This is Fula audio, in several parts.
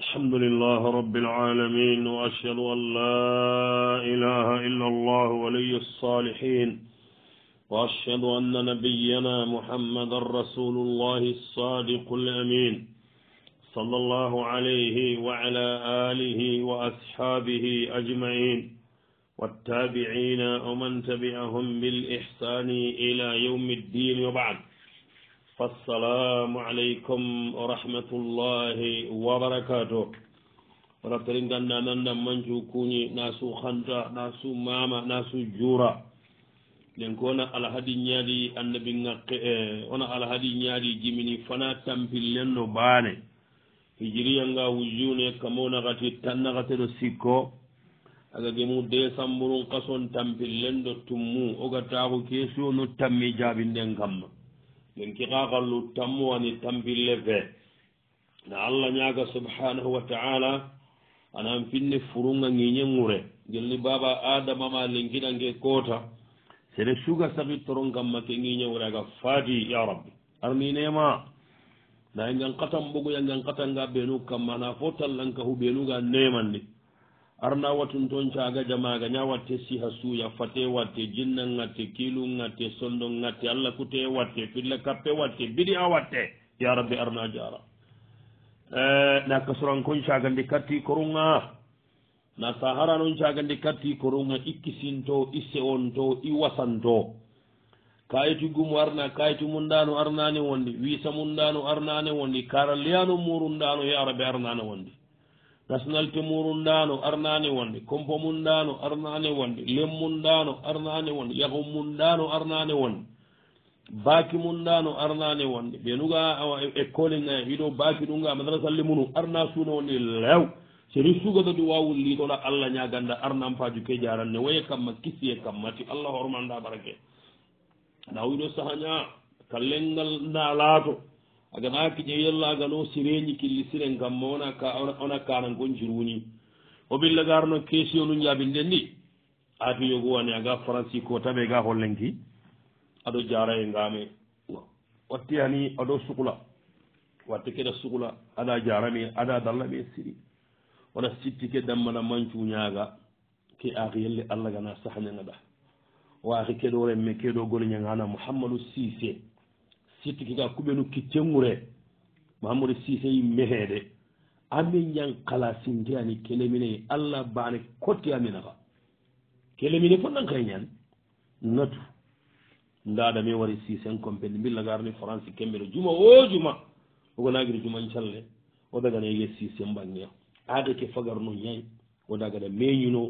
الحمد لله رب العالمين وأشهد أن لا إله إلا الله ولي الصالحين وأشهد أن نبينا محمد رسول الله الصادق الأمين صلى الله عليه وعلى آله وأصحابه أجمعين والتابعين ومن تبعهم بالإحسان إلى يوم الدين وبعد fassalamu aleykum wa rahmatullahi wa barakatu raftari ganda nanda manju kuñi na su xanta na su mama na su juura nden ko wona alhadi ñaali annabi ŋakke e, wona alhadi ñaali jimini fana tampillen no baane hijiriya nga wujune kamo naxati tannaxate ɗo sikko aga gemu décembre un kason tampillen ɗo tummu o gattaaku keesuyo nu tammi jaabinden kamma min kixaxallu ani tambille fe na allah ñaaga subhanahu wa taala anan finni furunga ŋiñe ŋure gelni baba adama ma linkiɗange koota sede suga sahi toron kamma ke ŋiñe ŋure aga fati ya rabbi arninema na ngan katan bogoya ngan katanga ɓenu kamma na fo tallankahu ɓenuga nemandi arna watun toon caaga jamaaga ña watte siha suuya fate watte jinna ŋatte kiilu ŋatte sondo ŋatte allah kute watte filla kappe watte biɗi a watte ya rabbi arna jara eh, naka soran kon caaga ndi katti koruŋa na sahara non caaga ndi katti koruŋa ikkisinto isse onto i wasanto kayitu gumu arna kayitu mundanu arnane wondi wiisa mundanu arnane wondi karaliyanu muru ndanu ya rabbi arnane wondi gasnalte muɗum ndano arnani wonde compo mum ndano arnani wonde lemmum ndano arnani wonde yahu mum ndano arnani wonde baki mum ndano arnani wonde ɓe nuga école e- e nayi wiɗo baki ɗum ga madarasa lemmunu arna suuna wonde lew seri sugata du wawul liɗoɗa allah ñaganda arnam faju ke jaranne waye kamma kisi e kammati allah hormanda barake na wiɗo saha ña kallelngal ndalaato aganaki ƴewyallagal o sireñi killi siren gamma onaka ona kana gonjiruni o ɓilla gar noon question nu jabin den ndi adu yogowani aga francis ko tawe ga hollenki aɗo jara e ngame watti hani aɗo sukla watte keɗa sukla aɗa jarami aɗa dallaɓe siri oɗa sitti ke dammaɗa mancuñaga ke aki yelle allah gana sahañagaɗa o aki keɗo remme keɗo goloñagana mouhammadou sise sirti kika kuɓenu kiccenŋure mahamadou sise i mehede amin ñang kala sinte ani kelemine allah bane kotti aminaka kelemine fo nan kay ñan natu ndadame wari sise compene mbillagarni france kemmbeɗo juma o juma ogonaguiri juma nthalle o daganayege sise mbange aga ke fagarno ñay o dagana meñuno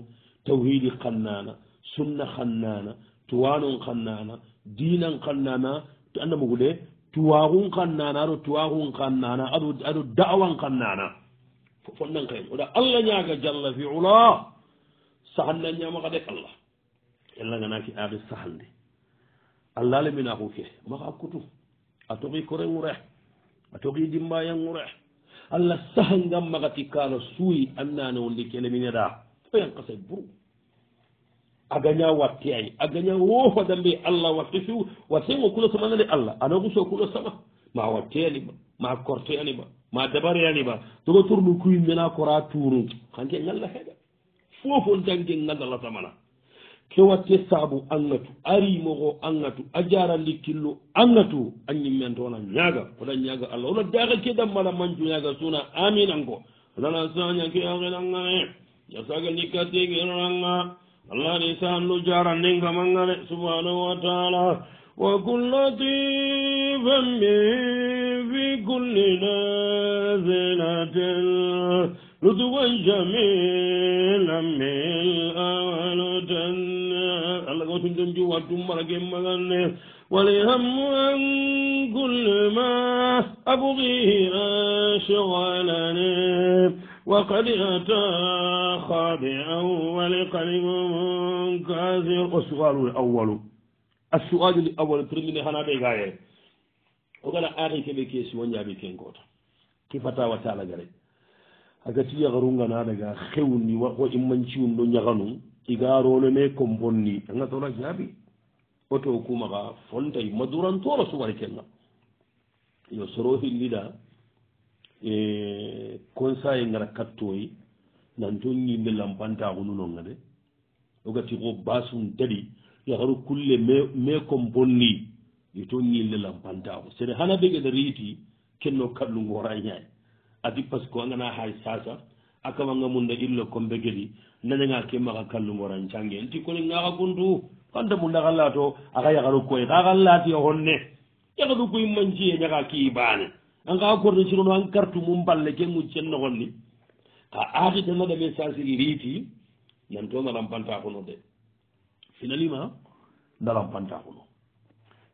tawhidi xannana sunna xannana tuwanon xannana dinan xannana annamugude tuwaxun kan nana aɗo tuwaxun kan nana aɗo aɗo da'wan kan nana fonnan kayen oɗa allah ñaga jalla fiula sahanna ñamaxa de allah yallaganaki axi sahandi allah leminaxu ke maxa kutu a toxi korenŋure a toxi dimbayanŋure allah sahangan maxati kano suyi an nanewondi ke leminera oyan kasay buru a gaña watti ay a gaña oh, wofoda mbe allah watti few watten o kula samanani allah anagu so kula sama ma watte aniba ma korte aniba ma dabare aniba dogo tour ɗum ko yimmena kora tourum hanke ngallah heeɗa fofon dangge ngallallah samana ke watte saabu angatu arimogo angatu a jarandi killu angatu añimmen toona ñaaga oɗa ñaaga allah ono daaka kedam mala mancu ñaaga suna amin an ko onanan sañake aenanga e jasagandikkatteguenoranga الله نسان نجار النينك من سبحانه وتعالى وكل لطيف في كل نازلة لطفا جميلا من الأول الله قوت جنجو واتم مرك ولهم أن كل ما أبغيه أشغلني وقد أتى خاب أول قلب منكاسر السؤال الأول السؤال الأول ترمين هنا بغاية وقال آخي كبه كيس من يابي كين كوتا كيف تاوى تعالى غري aga ti yagarunga na daga xewni wa ko immanci wundo ñaganu iga rolo me komponni anga tola jaabi oto kumaga fontay maduran toro suwari kenga yo soro hillida e consaye ngara kattoyi nanton yimɓe lampantaxununonga de ogati xo basum daɗi yaxaru kulle me kom bonni i to yille lampantaxu sere xana ɓegene riiti kenno kallungora ñaay adi parce que angana xaay sasa a kamanga munda ille kombe geɗi nanenga ke maxa kallungoran cange nti kone ngaxa guntu fanta munda xa lato axa yaxaru koy xa xa lati a xonne yaxaru koy manciye ñaxa kiibaane anga accorde sirono an cartu mum balle ke mu cennogol ni ka aaki tan naɗame sasiri riiti nanto narampantakuno de finalima narampantakuno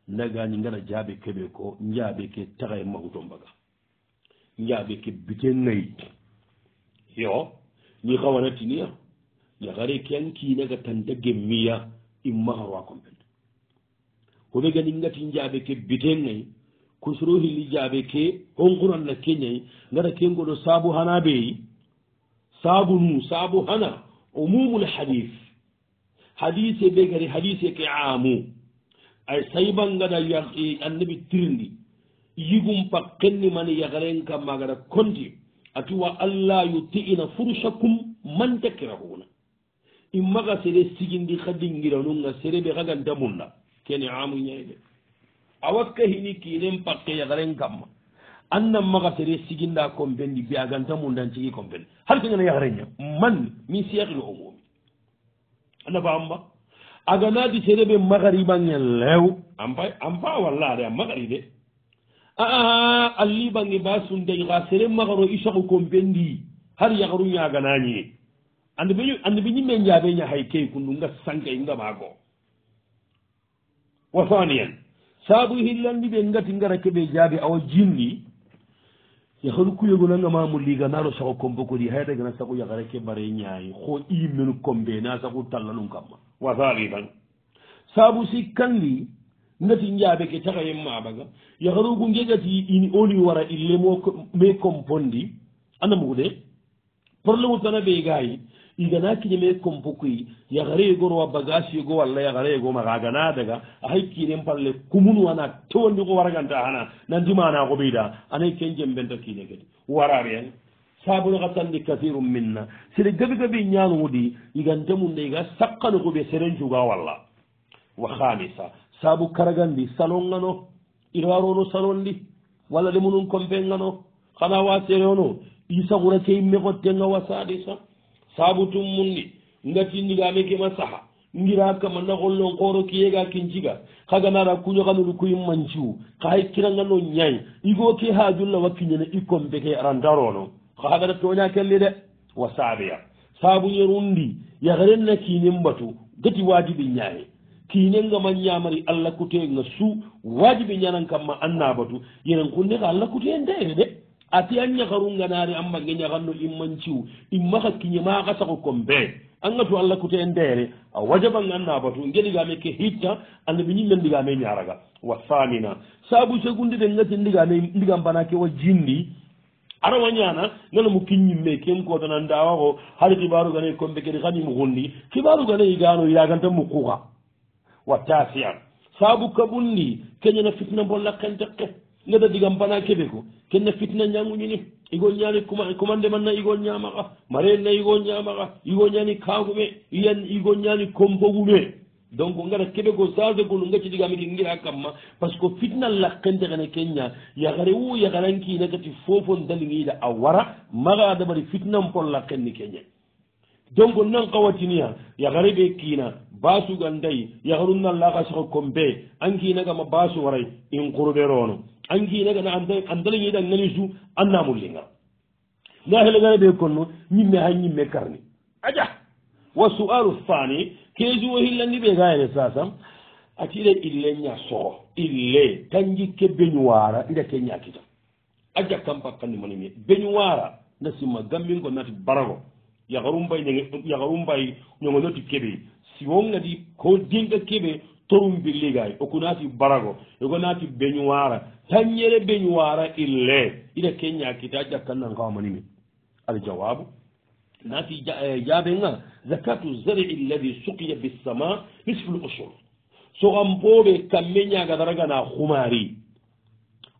ndagani ngara jaabe keɓe ko njaabe ke taxa e mahuto mbaga njaabe ke bite nayi yo ni xawana tiniya yaxare ke an kiinaga tanta gemmiya i maxaro a compene ko ɓe gani ngati njaabe ke bite nayi kusuro hilli jaabe ke honkuralla keñayi ngara kengo do hana ɓeyi sabu nu sabu hana umumul hadith hadith begari gari hadise ke amu ay sayban gaɗa annabi tirindi yigum pakkenni mani yagaren kam magara konti atuwa allah yuti'ina furshakum man takrahuna imma gasere sigindi khadingira dingira nunga sereɓe kaganta munna kene amu nyaide awakka hini kiiren pakke yagaren kamma annan magatere siginda kompendi beaganta mundan cigi kompendi har kengana yagarenya man min sekhil omomi anna famba aganadi tere ɓe magaribange lew ampay ampa wallade a magaribe aa allibange ba sundayi ha sere magaro i sogo kompendi har yagaru ñaganañie andi be ñimme jaɓeña hay key kundu nga sankay ngamako wasaniyane saabu hillandi ɓe ngati ngara keɓe jaabi awa jinni ya hol kuyogo nangama mo liganaɗo sago kombokodi haydagana sago yagara ke mbare ñaayi ho imen kombe na sago talla ɗum kamma wasaalitan saabu si kandi ngati jaabe ke taga yen mabaga yaharugu jegati ini oni wara illemo me compondi anamude probléme tana ɓe gayi igana kiñeme kom pokuyi yagareyegoro wa bagasiyego walla yagareyego maga gana daga ahay kiinen palle kumunu ana towandigo waraganta hana nandimana koɓeyda anay ken jembenta kiine kedi warareen sabuno hasandi kathirum minna sere gabi gabi ñanugudi igantemunde iga sakkani koɓe seren cuga walla wa hamisa sabu karagandi salon gano irarono salon di walla demunun compen gano hana wa sereono isagura ke imme gottenga wa sadisa saabu tum munni ngatinndigaame kema saha ngira kama naxollon xooro kiyega kinciga xaganara kuñoxanuru kuyi manciwu xaay kirangano ñay igoo ke haajulla wakkiñene i kompeke arantarono xaxagata tooña kelli de wa saabeya saabuñerundi yaxeren na kiinen batu gati waajibi ñaaye kiinengama ñaamari allah kuteenga su waajibi ñanan kamma an naa batu yenen xunne xa allah kuteen tayre de ati an ñakarunganaari an magge ñakanno immanciw imma ka kiñemaaka sago kombe an ga tu allah kute ndeere a wajaban an nabatu ngedigame ke hitta annabi ñimme ndigame ñaaraga wa thamina saabu segundi ɗen ngati ndigame ndigam bana ke wa jinndi arawa ñana ngana mu kinñimme ken kotanan dawa ko har xibaru ganay kombe kedi xanim xundi xibaru ganay gaano yaganta mu quxa wa tasia saabu kabundi keñana fitna bolla kente ke ngeda digam mbaɗa keɓe ko kenne fitna ñanguñini igo ñani commande manna igo ñamaka marenna igo ñamaka igo ñani kagume iyan igo ñani kombogume donc ngara keɓe ko sage gol gacci digamiki gira kamma par ce que fitna lakkente kene kenña yahare wu yaharankina kati fofo daligiida a wara maga adabari fitnan pon lakkenni keña donc nan kawatiniya yahare ɓe kina basugal ndayi yaharunna laka saha kombe ankinagama basu waray in kurɓe rono angiinaga na anda andalañeyiɗa nganisu annamullinga nda helegana ɓe konno ñimme ha ñimme karni aƴa wa sual fani keesu o hillandi ɓe gayene sasam atiɗe ille ñasoro ille tanjikke beñuwara ndeke ñakita aƴa kampa kandimanimi beñuwara nda simma gammin ko nati barago yagarumbay yagarumbay ñogo noti keɓe siwonga di ko dinga keɓe torum billigay oku naati barago ego naati beñuwara tañere beñuwara ille ida keña kita ƴakkannankawamanimi ada jawabu naati e, jaabe ga zakatu zari lladi sukiya bisama nisfe l usur soxanpoɓe kamme ñagadaragana xumari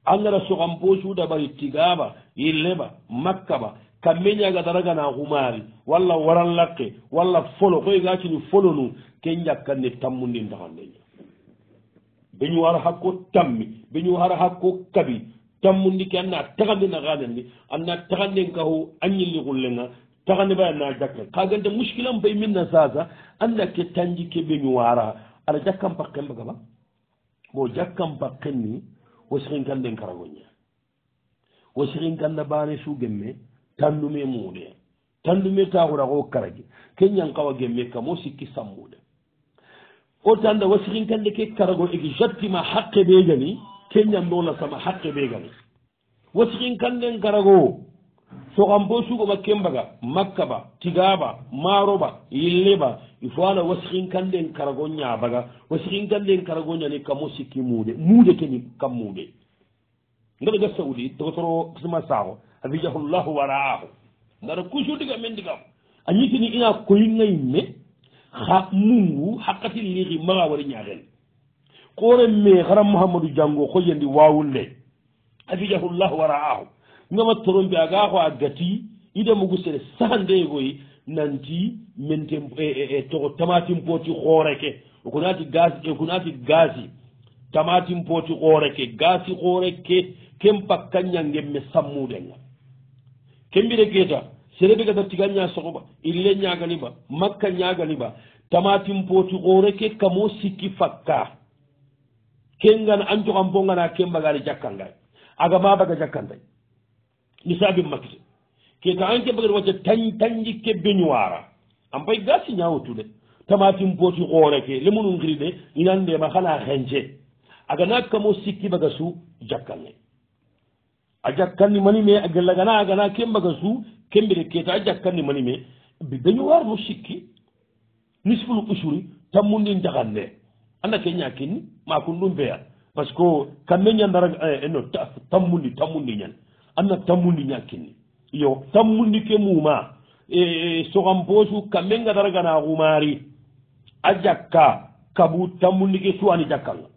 angara soxanpo suda bari tigaba illeba makkaba kam meñaga daragana xumaari walla waran laqe walla folo koye ga cini folonu ke jakkanni tammundin taxandeña beñu har hakko tammi beñu har hakko kabi tammundi ke anna taxandi naxanenni anna taxanden kaxu a ñilli xullenga taxandi bayanna jakke kaganta mushkilan bay min na sasa anna ke tanji ke beñu wara ara jakkan paqen bagaba bo jakkan paqen ni wo sixinkanden karagoña wo sixinkanna bane su gemme tandume muɗe tandume taxuraxo karagi ke ñangkawa gemme kamo sikki sammuɗe o tanda wasikinkande ke karago egi jattima xaqe ɓegani ke ñamdona sama xaqe ɓegani wasikinkanden karago soxanpo sugoma kembaga makkaba tigaba maroba yilleba il faut ana wasikinkanden karago ñabaga wasikinkanden karago ñani kamo sikki muɗe muɗe keni kam muɗe ngaɗaga saudi togotoro kisma saxo rijahu llahu waraahu gara kuujour diga men ndigam a ñitini ina koy ngay me xa mungu xa qati liixi maxa wari ñaaxel koore me xara mouhamadou jango xoƴandi waawul le a rijahu llahu waraahu ngama torombe aga xo a gati i demogu sene saxande koy nanti mente e, e, e, toxo tamatim pooti xooreke okunaati gasi okunaati gasi tamatim pooti xooreke gasi xooreke kem pakka ñangem me sammudenga kembire geeta sere ɓe gata tiga ñasogoɓa ille ñaganiɓa makka ñaganiɓa tamatim pooti ooreke kamo sikki fakka kengan an jogan bongana kembagani jakkangay aga ma baga jakkanday misabim makite keta an kembagani wacca tan tanji kebbeñuwara an pay gasi ñawotude tamatim pooti ooreke lemunu giri de inan ndema xana xence aga na kamo sikki baga su jakkangay a jakkanni manime a gella gana a gana kembaga su kembire keta a jakkanni manime ɓe dañu warno sikki misfulu usuri tammundi jahan ne anda ke ñakinni ma kon ɗum feya par ce que kamɓe ñandara eh, eh, no tammundi tammundi ñan anna tammundi ñakinni yo tammundi ke muma e eh, sogan posu kamɓe ngadara gana xumari a jakka kabu tammundi ke suwani jakkanga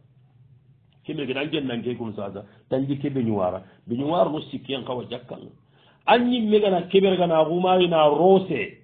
keɓeeke tan jen nangee gom sasa tan di keɓe ñuwara ɓe ñuwara no sikkeen kawa jakkanga an ñimme gana keɓergana xumaari na roose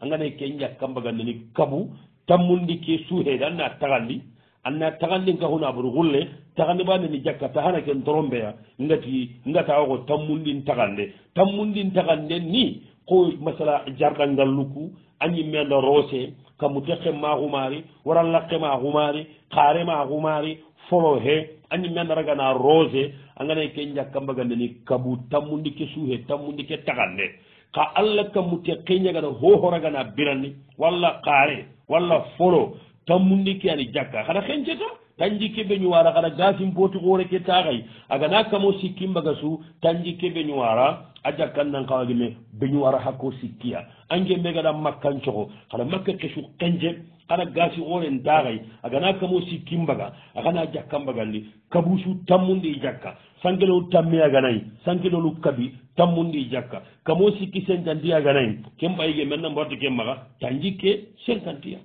a ngana ken jakkamba gandani kabu tammundi ke suheede anna taxandi anna taxandin kahuna bori xulle taxandi ba neni jakka taxana ken torombeya ngati ngata oxo tammundin taxande tammundin taxande ni ko masala jarɗangalluku a ñimme anda roose kamu te xemma xumaari waralla xema xumaari xaarema xumaari folo he añi mendata gana rose angana ke jakkambagandeni kabu tammundi ke suuhe tammundi ke taxande ka allah kammute xiñagana hohoragana biranni walla xaare walla folo tammundi ke ani jakka xana xenceta tanji kebe ñuwara xana gasim booti xoore ke taxay agana kamo sikkimbaga su tanji kebe ñuwara a jakkan nan xawagime beñuwara xako sikkiya angembe gada makkan coxo xana makka kesu xence ana gasi oren daxay a gana kamo si kimbaga a gana jakkanbagandi kabusu tammundi jakka sankelolu tamme a ganayi sankelolu kabi tammundi jakka kamo sikki senkanti a ganayi ken bayige menna mbarti ke maxa tanji ke senkantiya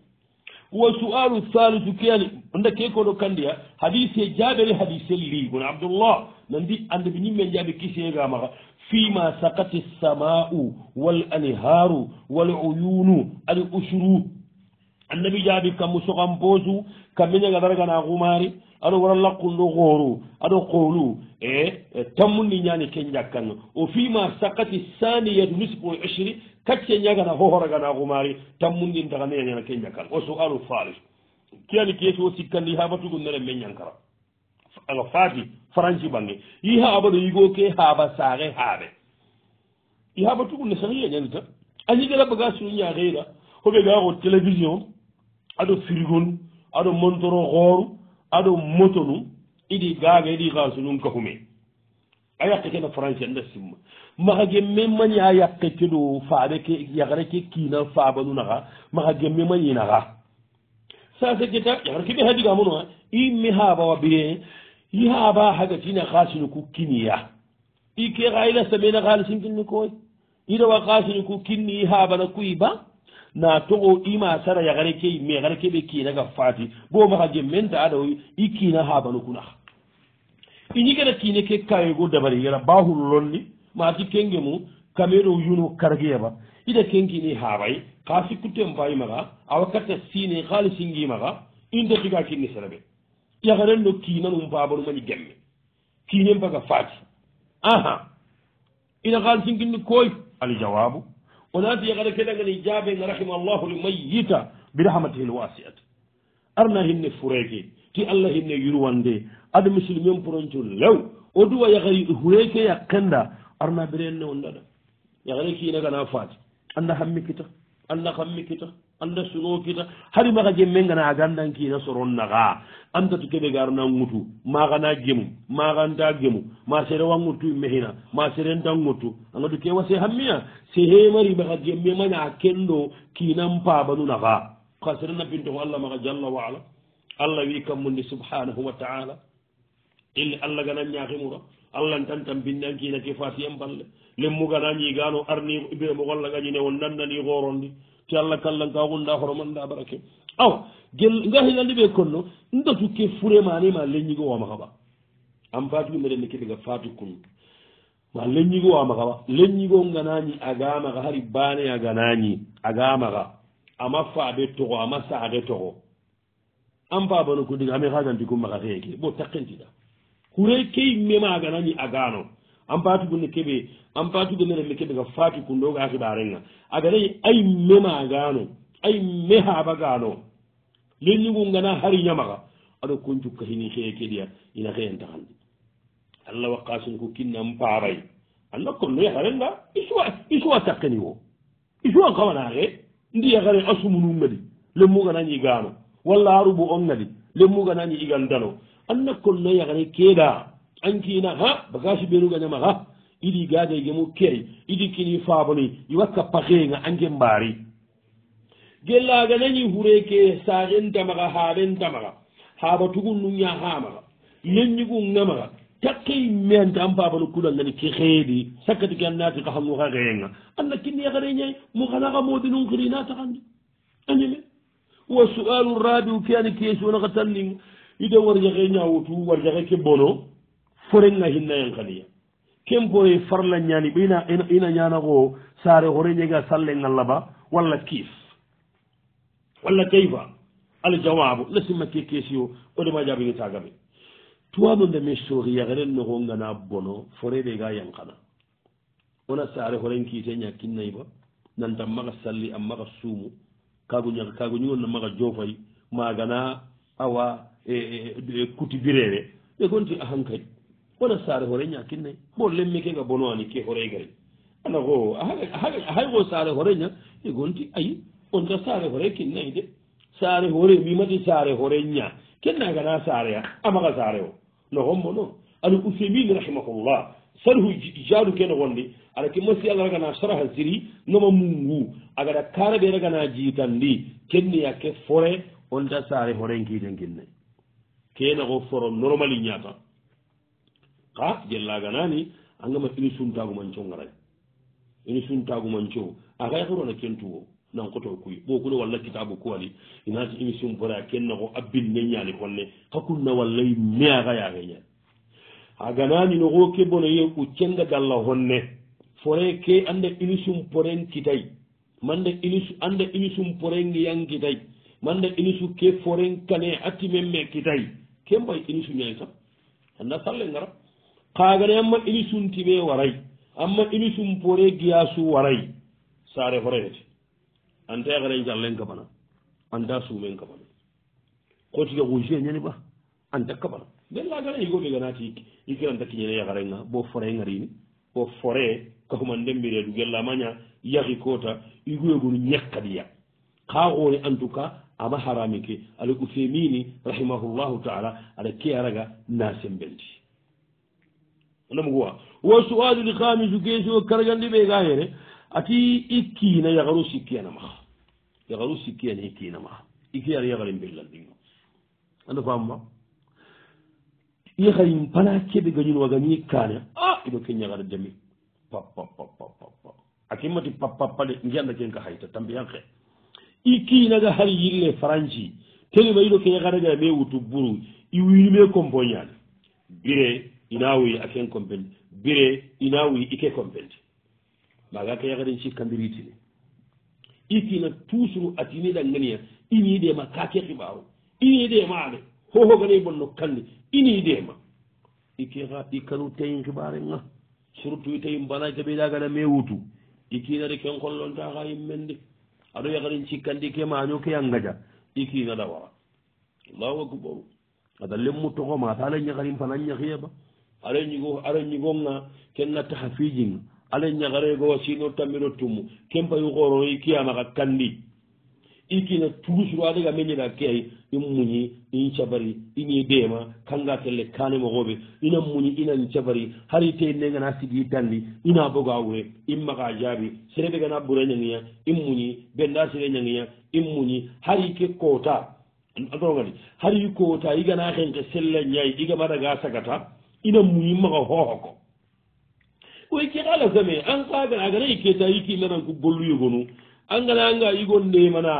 wa sualu halisu keani nda ke koɗo kandiya hadise jaɓere hadise li gona abdullah nandi andebi ñimme jaɓe kiseega maxa fima sakati samau wal anharu wal uyunu al usru annabi jaabi kam musokan posu kamminyaga daragana gumari aɗo wara lakkunɗo gooru aɗo koolu e, e tammundi ñani ken jakkan o fima sakati saniyatu lisbo ishiri kacce ñagana hohoragana gumari tammundin taganeyaana ken jakkan o suanu falis kiyani kesi o sikkandi habatugu nere men ñankara ano fati franci bange yi ha abaɗo yigo ke haaba saage haaɓe i haaba tugu ne sahiya ñanita añigela bagasunu ñaxeyra hoɓe gaaxo télévision aɗo frigolu aɗo montoro xooru aɗo moto num iɗi gaaga iɗi xaasu num kafume a yaqe kene france anda simma maxa gemme maña yaqe keɗo faaɓe ke yaxre ke kiina faaba nu naxa maxa gemme mañinaxa sase geta yaxre ke ɓe xadigamonoa i me xaabawa bire i xaaba xagatina xaasinu ku kiniya i ke xa i lasta mena xaalisin kinne koy i rawa xaasinu ku kinni i xaabana kuy ba na togo ima sara yagare kei me gare keɓe kiinaga faati bo maxa ge menta aɗa i kiina habanu kunax iñikene kiine ke kayego dabari yara baaxul lonni maati kenge mu kameɗo yuno kargeyaba ida kenkini haaɓay xa sikkuten fa imaxa awa katta siine xaalisingimaxa inta tiga kinni serabe yaxaren no kiinanum faabanu mani gemme kiinen faga faati aha ina xaalisinginni koy ali jawabu ونادي يغلى كده قال إجابة إن رحم الله الميت برحمته الواسعة أرنا هن فريكي تي الله هن يروان دي أد مسلمين برنجو لو ودوا يغلى هريكي يقند أرنا برين نون دادا يغلى كي نغنا فات أنا همي كتا أنا همي كتا anda suno kita hari maga je mengana agandan kina soron naga anda to kebe garna ngutu maga na gemu maga nda gemu ma sere wangutu mehina ma sere nda ngutu anga to kewa se hamia se he mari baga je memana akendo kina mpa banu naga ka sere na pinto walla maga jalla wa ala alla wi kam mun subhanahu wa ta'ala il alla gana nya khimura alla tantam bindan kina ke fasiyam balle lemmu gana nyi gano arni ibe mo golla gani ne wonnan nani gorondi ti allah kallan ka gunda horoman da barake aw gel ngahila libe konno nda tukke fure mani ma leñigo wa makaba am fatu ɓe mbeɗen nekkitega fatu kun ma leñigo wa makaba leñigo nganañi agamaka hari bane a ganañi agamaka ama faɓe toxo ama saxe toxo am fa bano kudiga ame xaganti cum maxa xeeke bo taqentida kure key mema aganañi agano an patugunde keɓe an patugunnere nde keɓe ga faati kundoga hibarenga agaray ay memagano ay mehabagano lenñigungana hari ñamaga aɗo kon cukka hini xee keɗiya ina xeen taxandi allah wa qasunku kinnan paaray allah konno yaxarenga isuwa isuwa takkeni wo isuwa kawanaxe ndi yaxare asumunungadi lemmuganañi gano walla arubu on gadi lemmuganañi igantano anna konno yaxare keeɗa ankina ha bagage ɓeerugañama ha iɗi gaadeygemu key iɗi kini faaboni iwakka pahenga ange mbaari gellaga nañi hureke sarentamaga haarentamaga haabatugu nuña haamaga yeñigu ngamaga takkey meante an babanu kulal nani ki heedi sakkati ke an naati kaha nguha heenga anna kinni yakare ñayi mu hanaka moodi nun kiri naatakandi añeme wa sualu rabiu ke ani keesi wonaka tanninga ide warjake ñawutu warjake ke bono forenga hinna en kaliya ken poye farna ñani ɓina ina ñanako sare hore ñega sallen allah ba walla kif walla kayfa aljawabu lasima ke kesio o de ma jaɓini tagaɓe tuwaɓo nde min sohiyaxeren no hongana bono forede ga yanqana wona sare horen kiite ña kinnayi ba nanta maxa salli a maxa suumu kago ña kago ñugonna maxa jofayi magana awa e, e, e, e, kuti birere ɓe gonti ahankay wona saare hore ñakinnayi mo lemmi kega bono ani ke horey gari ala ko hay go saare horeña e gonti ayi onta saare hore kinnayi de saare hore mimati saare hore ña kennagana saare a amaka saare o no hommo noon ani ousemine rahimahullah saruhu jaadu kene wonde aɗa ke masi allah ragana saraha siri noma mungu agaɗa karaɓe ragana jiitandi kenniya ke fore onta saare horenkiiden kinnayi kena ko foro normali ñatan ka jellaganani angama ini suntagumanco ngaray ini suntagumanco aga yahurona kentuwo nankoto kuy ɓokuno walla kitabu kuwali inati émission bora kennako abbinne ñaali holle hakunna wallay me aga yaheñal a ganani noxo ke bono ye u cenga galla honne fore ke anda inisum poren kitay manda inisu anda inisum poren yang kitay manda inisu ke foren kane atti memme kitay kembay inisu ñay sam anda salle ngarab kaagare amma ilisum tibe waray amma ilisum pore giyasu waray saare horeyete anta yakare jallen kabana anta sumen kabana kotike kuje ñani ba anta kabana den lagare yigoɓe ganati ikiranta kiñene yakarenga bo fore ngarini bo fore kahumandembire dugella maña yahi kota iguyegunu ñekkadiya ka goni en tout cas ama harami ke ala ko femini rahimahullahu taala aɗa ke araga nasembenti onom gowa wo suwadudi kamisu kesio karagandi ɓe ga here ati i kiina yakaru sikkiyana maha yakaru sikkiyana i kiina maha ikiyar yakarin bellandino ando famma yakarin pana keɓe gañun wagañi kane a iɗo ke ñakara jami papapapapapa a kimmati papapade ngianda ken ka hayta tambiyan ke i kiinaga har yille franci telima iɗo ke ñakaragaa me wutu buru i winime compoñane bire inawuyi aken compendi bire inawuyi ike compendi maga ka yakaren ci kambiritini ikina toujours atini ɗangania ini ɗema kake xiɓaru ini ɗemaɗe hohoganai bonno kandi ini ɗema ikexa ikanu tayin xiɓarenga surtout itayin bala jaɓeɗagana mewutu ikinare ken xollontaxa immendi aɗo yakarin cikkandi ke maño ke angaja ikinaɗawara allahu akbaru adallen mu toxo mata la ñaxarin fana ñaxiyaba ara ñigo ara ñigo nga ken na taxa fijin ala ñagare go wasi no tamiro tumu ken ba yu xoro yi kiya ma ka kandi i kina tuus ro ala ga meñi na ke ay in muñi in cabari in yi deema kanga kelle kane mo xobe ina muñi ina ni cabari har i teyin nenga na sigi tandi ina boga wure in maxa jaabi serebe gana bura ñangiya in muñi benda sire ñangiya in muñi har i ke koota adorogadi har i koota i gana xenke selle ñay i gama daga sagata ina muñi maxa xooxo ko koy ke xala same an kaga aga na ikeeta iki lanan ku bolu yogonu a ngananga igo ndemana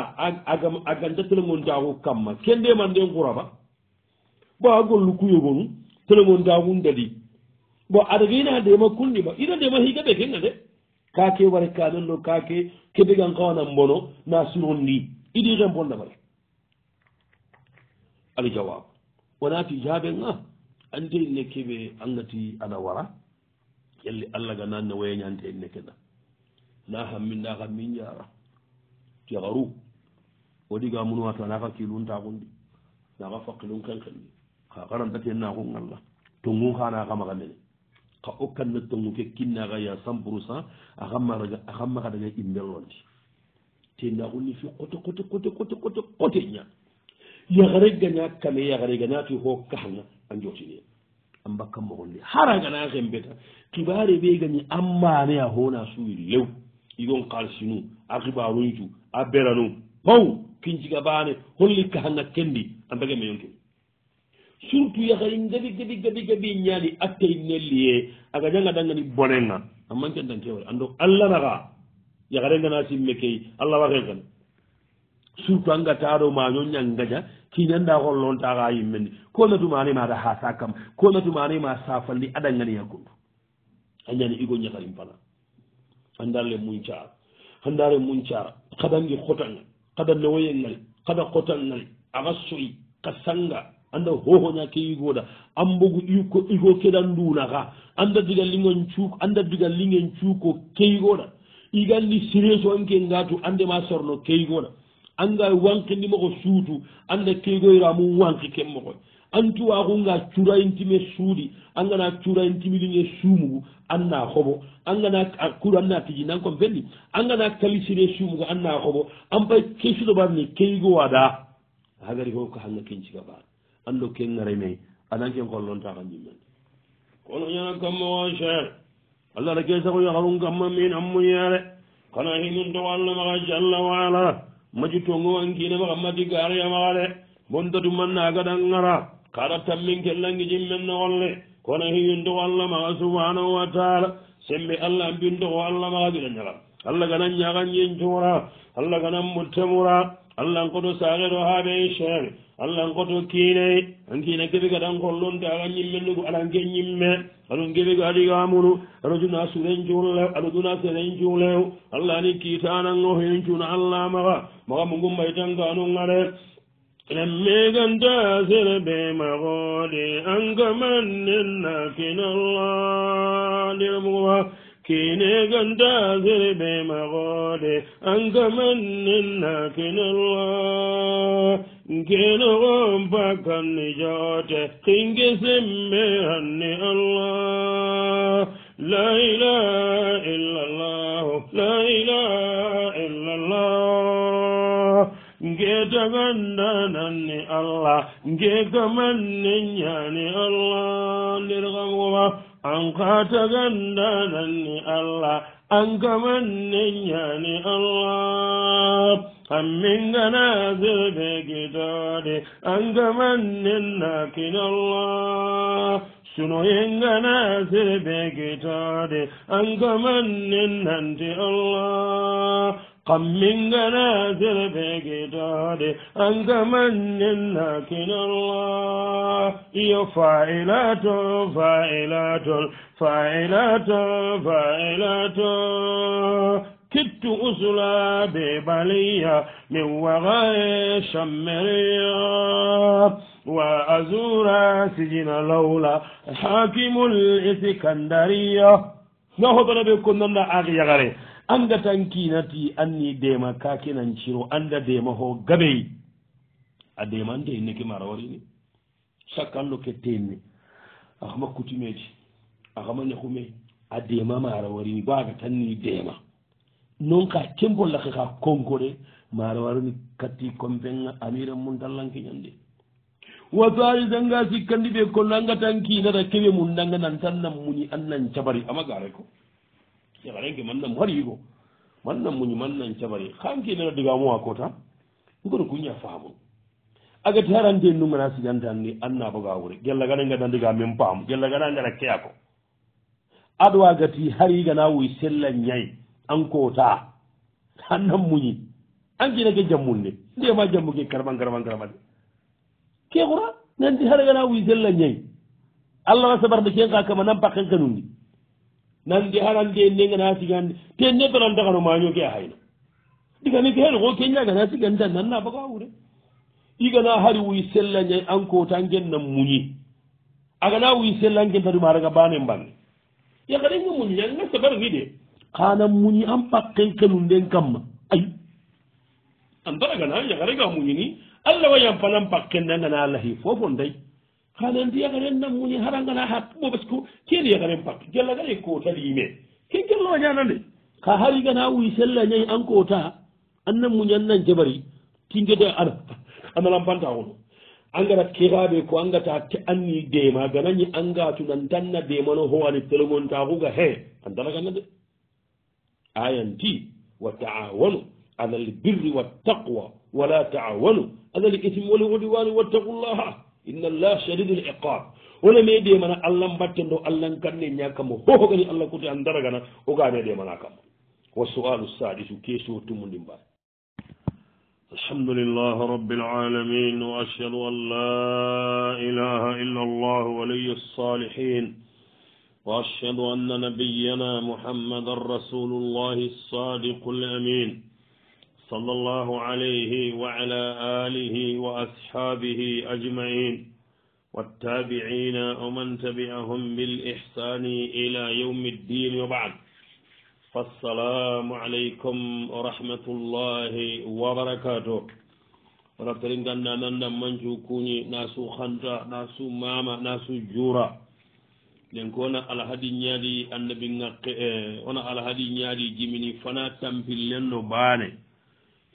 a ganta telengontaaxu kamma ke ndeman den xuraba bo a gollu ku yogonu telengontaaxu ndadi bo adaga ina ndema kunɗima ina ndema xiga ɓeke nga de kake ware kanenlo kake ke ɓegan xawana mbono na suron ndi idi xempon nafare ali jawab wona tijaɓenga ante ine keɓe angati aɗa wara yalli allah ga nanne wayaña ante ine keɗa na hammin naka min jara tiaru odiga mun wato naka kiluntakundi naka fakkilun kenkenni ka karantaten nakun allah tongun ka naka maga mene ka okkanna tongu ke kinnaka ya cent pourcent aaaga maga daga imbellondi te nakunni fi kote kote kote kote kote kote ña yagaregaña kame yagaregañati ho kaanga a jotini an bakkan mogolle hara gana xembeta kibare ɓe gani anmane a hona suwi lew igon xalsinu a xibaruncu a beranu pow kinciga bane holli ka hanga kendi a mbege meyonkini surtout yaxari gabi gabi gabi gabi ñani attey nelliye aga janga dangani bonenga a mancantankewari ando allah naxa yaxarengana simme key allah waxen xen surtout anga taɗo mañoñangaja tidenɗa hollontaga yimmendi ko natumane mata ha sa kam ko natumane ma safalndi aɗanganiya gondu añani igo ñakarim pana andarle muncara andare muncara kadangi hotanga kada nowoyengali kada hotangali aga soyi ka sanga anda hohoña ke yigoda ambogu iko igo keɗa ndunaha anda diga lingon cuk anda diga lingen cuko keyigoɗa igandi sirétoanke ngatu andema sorno keyigoɗa anga wankindimoko suutu anda kegoyramu wanki kemmoko antuwakunga curaintime suuɗi angana curaintimiɗine suumugu anna hoɓo angana kuru anna tiji nankon fenni angana kalisine suumugu anna hoɓo anpay kesiɗoɓarni keygowaɗa hagari ho ko hanga kencika ɓar anɗo ke garemei ananken ko lonta kan jimmen kono ñana kammawa cher allah ara kesa koyo harun kamma min ammuñere kono hinin to wallamaka jalla waala maju tongo wankine maka mati gari amakale bontatu manna agada ngara kada tammin kella ngijin men nogolle kono hiyundo walla maka subhanahu wa taala sembe allah mbindo ko allah maka gida nyala allah gana nyaga nyin jura allah gana mutemura allah ngodo sagero habe shere allah ngoto kiinayi an kiina geɓe gadan hollonde aɗa ñimmendugo aɗan ge ñimme aɗon geɓe gaadi gamunu aɗo juna suren juulew aɗo juna seren juulew allah ani kiitanan o hen cuuna allah maga maga mo gummay e tan ganon ngare nen meganta sere ɓe magode an gamannen nakinallah ndiramugoma kine ganda gere be magode angamannen na kinalla kenogon pakkanni jote kinge sembe hanni allah la ilaha illa llahu la ilaha illa llah nge daganda nanni allah nge gamanne nyani allah nder gamgoma ankatagandanani allah ankamanneyani allah amminganaserbe gidode ankamannennakin allah sunoyenganaserbe gitode ankamannennanti allah قمنا نازل بقدار أنت من لكن الله يا فاعلات فاعلات فاعلات فاعلات كدت أسلى ببلية من وراء شمرية وأزور سجن لولا حاكم الإسكندرية نهضر بكنا يغري annda tan kiinati anni deema kaakinan ciro annda deema ho gabey a deemande neki marori ni sakkanlo ke tenni ahama kutumeji ahama nehume a deema marawari ni baga tan ni deema non ka kembollake ka konkore marawarini katti kompenga amira mum dallankiñande wasaari dangasikkandi ɓe ko nanga tan kiinata keɓe mum nanga nan tan nan muñi an nan cabari ama gare ko cabarenke mannan mo haɗiyigo mannan muñi mannan cabari hanke nana digamowa kota ugono kuña faamu aga tarande num gana sigantan ni anna boga wuri gella gana gada ndiga min paamu gella gana gada keya ko adwa gati hari gana wuy sella ñay an kota annan muñi ankinake jammunde ndema jammuke karaman karaman karamade ke xura nanti hara gana wuy sella ñay allah wa sabarde ken ka kama nan pakken kanundi nande harande nega sigande te nebarandagano maño ke hayno igani ke heno ko keñagana sigande tan nanna baga wawure igana hari wuy sellañay anko tan guennam muñi agana wuy sellanguen tadumaraga bane mbanne yakarenga muñiaga sabarani de kana muñi an ɓakken kenu nden kamma ay an baragana yakarega muñini allah wayan panan ɓakkennagana allahi fofo nday hana ndiyagaren nammuni hara ngana ha tuɓo par ce que keeniyagaren bakke gella gare kootal yime ke gellowa ñanande ka hari gana wuy sella ñayi an koota an nammuni an nan jabari tingede ana ana lambanta wono angarat keraɓe ko angata te anni deema ganañi angatu nan tanna deemano howani telemontaxuga he an dalaganna de ayanti wa taawanu alal birri wa taqwa wala taawanu alal itimi wali wodiwani wattaqullaha inna allah shadidul iqab wona me de mana allah mbatten ɗo allah kanne ñakamo hohogani allah kuti an daragana ogame de mana kam wa sualu sadisu keso tumudi mbawi الحمد لله رب العالمين وأشهد أن لا إله إلا الله ولي الصالحين وأشهد أن نبينا محمد رسول الله الصادق الأمين صلى الله عليه وعلى آله وأصحابه أجمعين والتابعين ومن تبعهم بالإحسان إلى يوم الدين وبعد فالسلام عليكم ورحمة الله وبركاته رابطرين قلنا ننا منجو كوني ناسو خنطا ناسو ماما ناسو جورا لنكونا على هدي نيادي النبي نقئ ونا أه، على هدي نيادي جميني فنا تنفي لنو باني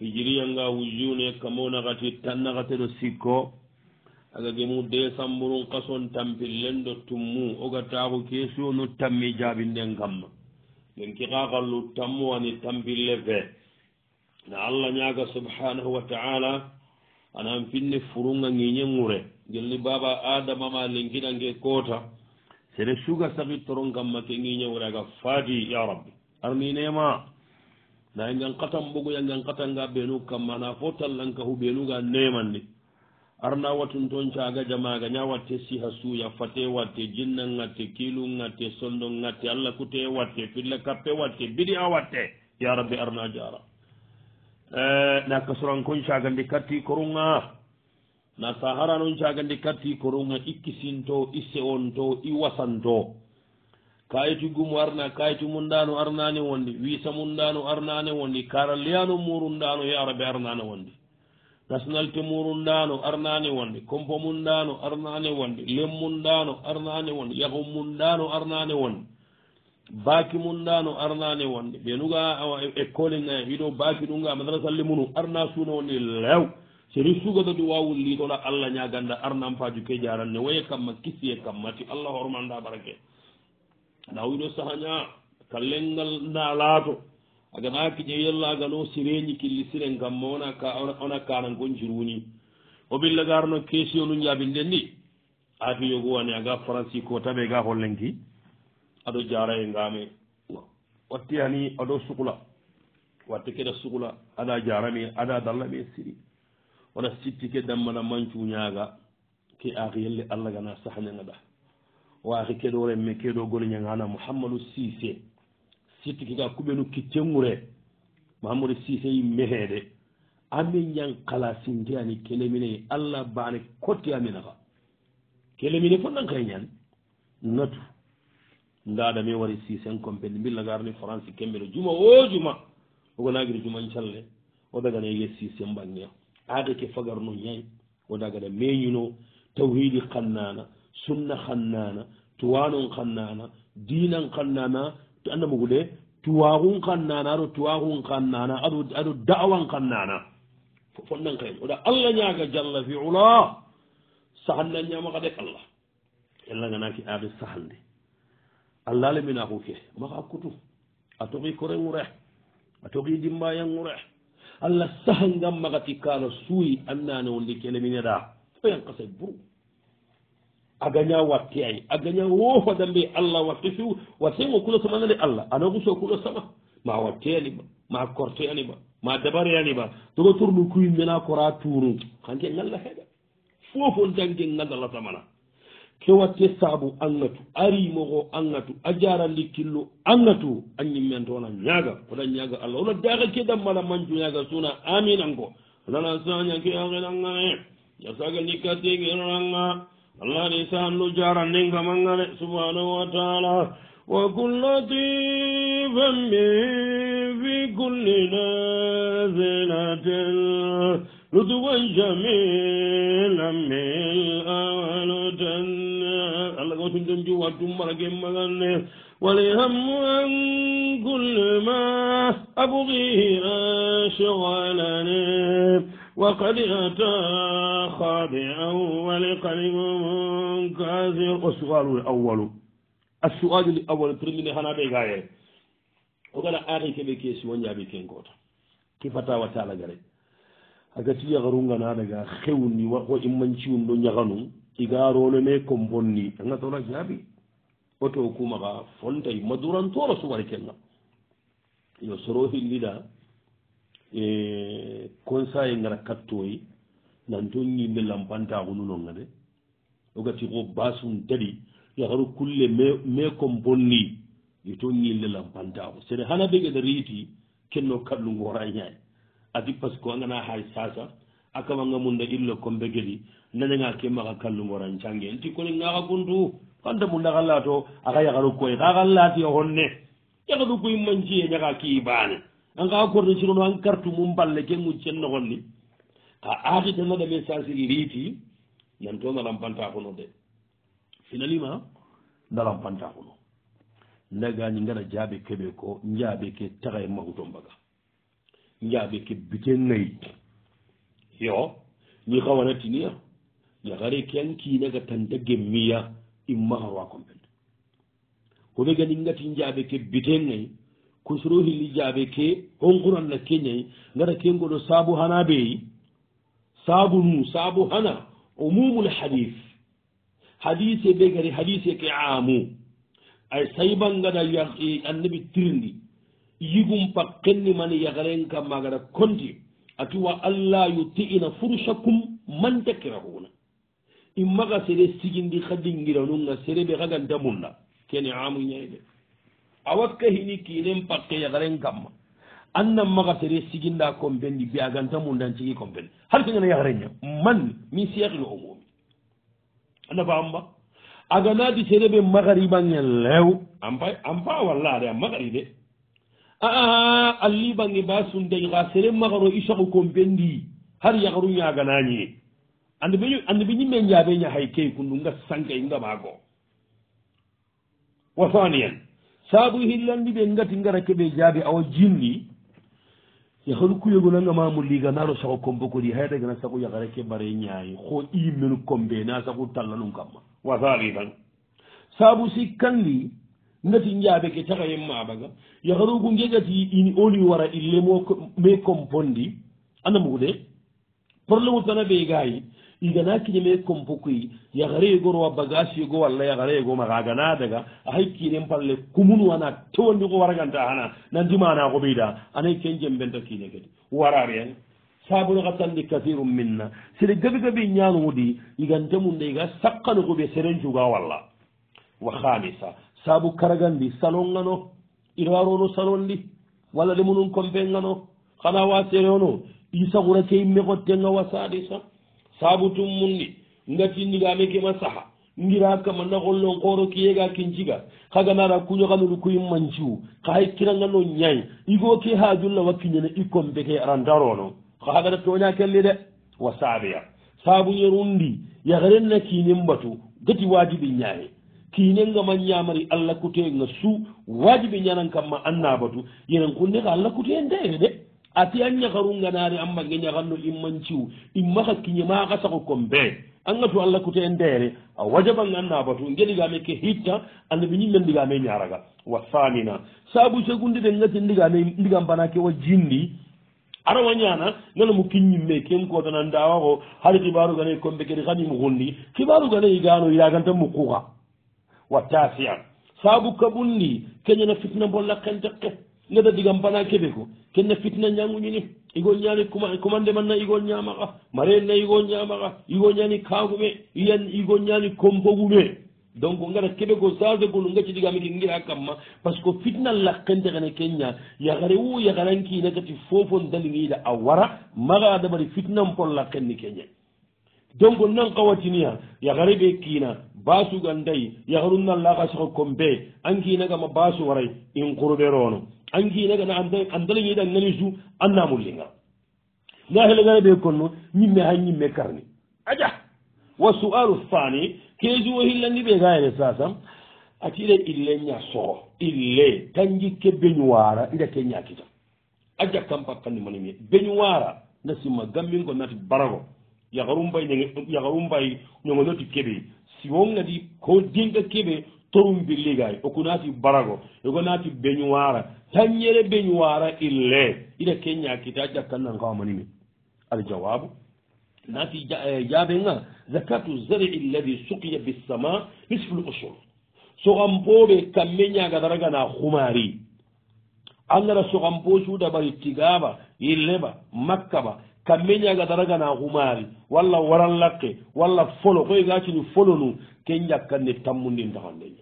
hijiriyanga wujune kamonakati tannakateɗo sikko agagemu desamburun kason tampillendo tummu ogataku kesuyono tammi jabinden kamma lenkikakallu tammu ani tampille fe na allah ñaga subhanahu wa taala anan finne furunga ngiñe ŋure gelni baba adamama lenkiɗange kota sere suga sakittoron kamma ke ngiñe ŋure aga fati ya rabbi arninema na ngan katan bogo ya ngan katan ga benu kam mana fo tallan ka hu benu ga neman ni arna watun ton cha ga jama ga nya watte si hasu ya fate watte jinna ngate kilu ngate sondo ngate alla kute watte fille kappe watte bidi a watte ya rabbi arna jara eh na kasran kun cha ga ndi katti korunga na sahara nun cha ga ndi katti korunga ikki sinto isse onto iwasanto kayitu gum arna kayitu mum ndano arnane wonde wiisa mum ndano arnane wonde karalliyano murum ndano ya e rabbi arnane wonde nationalité murum ndano arnane wonde compo mum ndano arnane wonde lemmum ndano arnane wonde yaho mum ndano arnane wonde baki mum ndano arnane wonde ɓenuga école e- na iɗo baki ɗumga madrasa lemunu arna suuna wonde lew seri sugata du wawu liɗola allah ñaganda arnam faju ke jaranne waye kamma kisiye kammati allah hormanda barake ala wiɗo sahaña ka lengal ndalaato aganaki ñeyellagano sireñi killi siren kamma ona ka ona kanangon jiruni o ɓilla garno question nu jabinden ndi afi yogu wani aga franci ko taɓe ga hollenki aɗo jara e ngame watti hani aɗo sukla watte keɗa sukla aɗa jarami aɗa dallaɓe siri oɗa sittike dammaɗa mancuñaga ke akiyelle allah gana sahañagaɗa waahi keɗore me keɗogol ñagana mouhammadou sise sirti kika kuɓenu kiccenŋure mahamadou sise yi mehede amin ñang kala sinte ani kelemine allah bane kotti amin aka kelemine fo nan kay ñan natu ndadame wari sisen compene mbillagarni france kembeɗo juma o juma ogo naguiri juma ncalle o dagana yige sise mbangea aake ke fagarno ñay o dagana meñuno tawhidi kannana sunna xannana tuwanun xannana dinan xannana andamugude tuwaxun xannana aɗo tuwaxun xannana aɗo aɗo dawan xannana fonnan xeen oɗa allah ñaga jalla fi ula saxanna ñamaxade allah yallanganaki axi saxande allah leminaxu ke maxa kutu a toxi korenŋure a toxi dimbayanŋure allah saxangan maxati kana suyi annanewondi ke leminera fo yan xase buru a gaña watti ay a gaña woofada mbe allah watte few watte o kulo sama ngande allah ana muso kulo sama ma watte aniba ma korte aniba ma dabare aniba togo turnu kuyin mena kora tuuru kanke ngalla heeɗa fofon dangue ngandalla samana ke watte saabu angatu arimogo angatu a jarandi killu angatu annimmen toona ñaaga oɗa ñaaga allah ono daaka ke dammala mancu ñaaga suna amin anko onana sañake aenanga e jasagal ndikkatteguenoranga allahni sanlu jaranin kamangane subhanahu wa taala wa kun latifan min fi kulli nazilatin lutuban jamilan min awalutan allah gawtum jom ju wattum marake maganne ولهم أن كل ما أبغيه أشغلني وقد أتى خاطئا ولقلب منكاسر السؤال الأول السؤال الأول ترمين هنا بقاية وقال آخي كبه كيسي ونجا بكين كوتا كيف تاوى تعالى غري أكتي يغرون غنادا خيوني وقو إمان شون دون يغنو إغارون مي كمبوني أنا تولا جابي وتوكو مغا فنتي مدوران تورا سواري كينا يسروه اللي e conseil ngara kattoyi nanton yimɓe lampantaxununonga de ogati xo basum tadi yaxaru kulle me kom bonni iton yille lampantaxu sede xana begeda riiti kenno kallungoorañay adi parce que angana hay sasa a kamanga munda illo kombe gedi nanenga ke maxa kallungoran cange nti koni ngaxa guntu fanta munda xa lato axa yaxaru koy xa xa lati honne yaxaru koy mancie ñaxa kiibaane an ka accorde sirono an carte mum balle ke guccen noxolli ka aaxi tena ɗame sensi riiti nan to ndalampanta kuno de finalement ndalampanta kuno ndagaani ngara jaabe keɓe ko njaabe ke taxae maxuto mbaga njaabe ke bite ngayi yo ni xawana tinia yaxare ken kiinaga tanta gemmiya i maxarwa compene ko ɓe gani ngati njaabe ke bite ngayi ko soro hillijaaɓe ke honkuranna keñayi ngara kengoɗo saabu hana beyi saabu nu saabu hana umumul hadis hadise ɓe gari hadise ke aamu ay saybal ngaɗa annabi tirndi yigum pa kenni mane yagaren kam ma gaɗa konti a tuwa allah yuti'ina fursa cum man jakkira huna immaga sere siginndi xa dinngira nunga sere ɓe xagantamunna kene aamu ñayde awakka hini kiinen pakke yagaren kamma annan maga sere siginda konbendi biaganta mundan cigi konbendi har kegana yagarenya man min sekhil omomi ana famba aganadi sere ɓe magaribangen lew ampa ampa walla are a magari de aa allibange ba sundayi ha sere magaro i sogo konbendi har yagaruya aganañie anda be ñimme jaɓeña hay key kundu nga sankay nga maago wa thaniyan saabu hillandi ɓe ngati ngara keɓe jaabi awa jinni ya e hol kuyogo nangama mo liganaro sago kombe kodi haydagana sago yakara ke mbare ñaayi ho imen kombe na sago talla ɗum kamma wasaali tan saabu si kandi ngati jaabe ke caga yen mabaga yahorugu jegati ini oni wara ille mo me compondi anamugude probléme tana ɓe gayi igana kiñeme compokuy yagareegoro wa bagasiego walla yagareego maxaagana daga axay kiinen palle kumunu ana tewondi xo waraganta ana nandimana xoɓida anay ken jembenta kiine kedi warareng sabono xa tandi kasirum minna sede gabi gabi ñanuudi igante munda iga saqqani xuɓe seren cuga walla wa xamisa sabu karagandi salongano irarono salondi walla de munun compengano xana wa sereono isaxura ke imme xottenga wa sadisa sabutum munni ngatinigame kema saha ngira kama naxollon xooro kiyega kinciga xaganara kuñoxanulu kuyin manciwu xaay kiranngano ñay igo ke hajulla wakkiñene i kompeke arantarono xaxagana toña kelli de wa sabiya sabuñerundi yaxeren na kinen batu gati wajibi ñaye kinengama ñamari allah kutenga su wajibi ñanan kamma annabatu yenen kunne xa allah kuteen deyede ati an ñaharunganaari an magge ñahanno immanciw imma hakkiñe ma ka sago kon bee angatu allah kute en ndeere a wajaban an naabatu ngeɗigame ke hitta annabi ñimme ndigame ñaraga wa thanina saabu segundide ngati ndigame ndigam bana ke wa jinni arawa ñana ngana mu kinñimme ken kotanan dawa ko hari xibaru ganayi komɓe kedi xanim xundi xibaru ganayi gaano yaganta mu kuxa wa tasia saabu kabundi keñana fitna bolla kente ke geda digam mbaɗa keɓe ko kenne fitna ñaguñini igol ñani commande man na igol ñamaka mareel na igol ñamaka igol ñani kaguɓe iyan igol ñani kombogume donc ngara keɓe ko sage gol gacci digamiki gira kamma par ce que fitna lakkente kene kenña yahare wu yaharankina kati fofon daligiida a wara maga adamari fitna pon lakkenni keña donc nan kawatiniya yahare ɓe kina basuga ndayi yaharunnallaka saha kombe ankinagama basu waray in kurɓe rono angiregana ande andalañeɗa nanisu annamullinga na helegana ɓe konno ñimme ha ñimme karni aja wa sualu fani keju o hillandi ɓe gayene sasam atire ille ña soro ille tanji ke beñuwara ida ke ñakita aja kampakkandi manimi beñuwara na simma gammingo nati barago yagarumbay yagarumbay ñongo noti keɓe si wongadi ko dinga keɓe torum billigay okunati barago yogonati beñuwara tanyere beñuwara ille ida kenya kita jakkannan kawamanimi aljawabu nati jaabenga zakatu zari alladi suqiya bissama nisfu lusul sogampoɓe kamme ñagadaragana humari angara sogampo suudabari tigaba illeba makkaba kamme ñagadaragana humari walla waran lakke walla folo koye gacini folo nu ken jakkanne tammundin taxandeña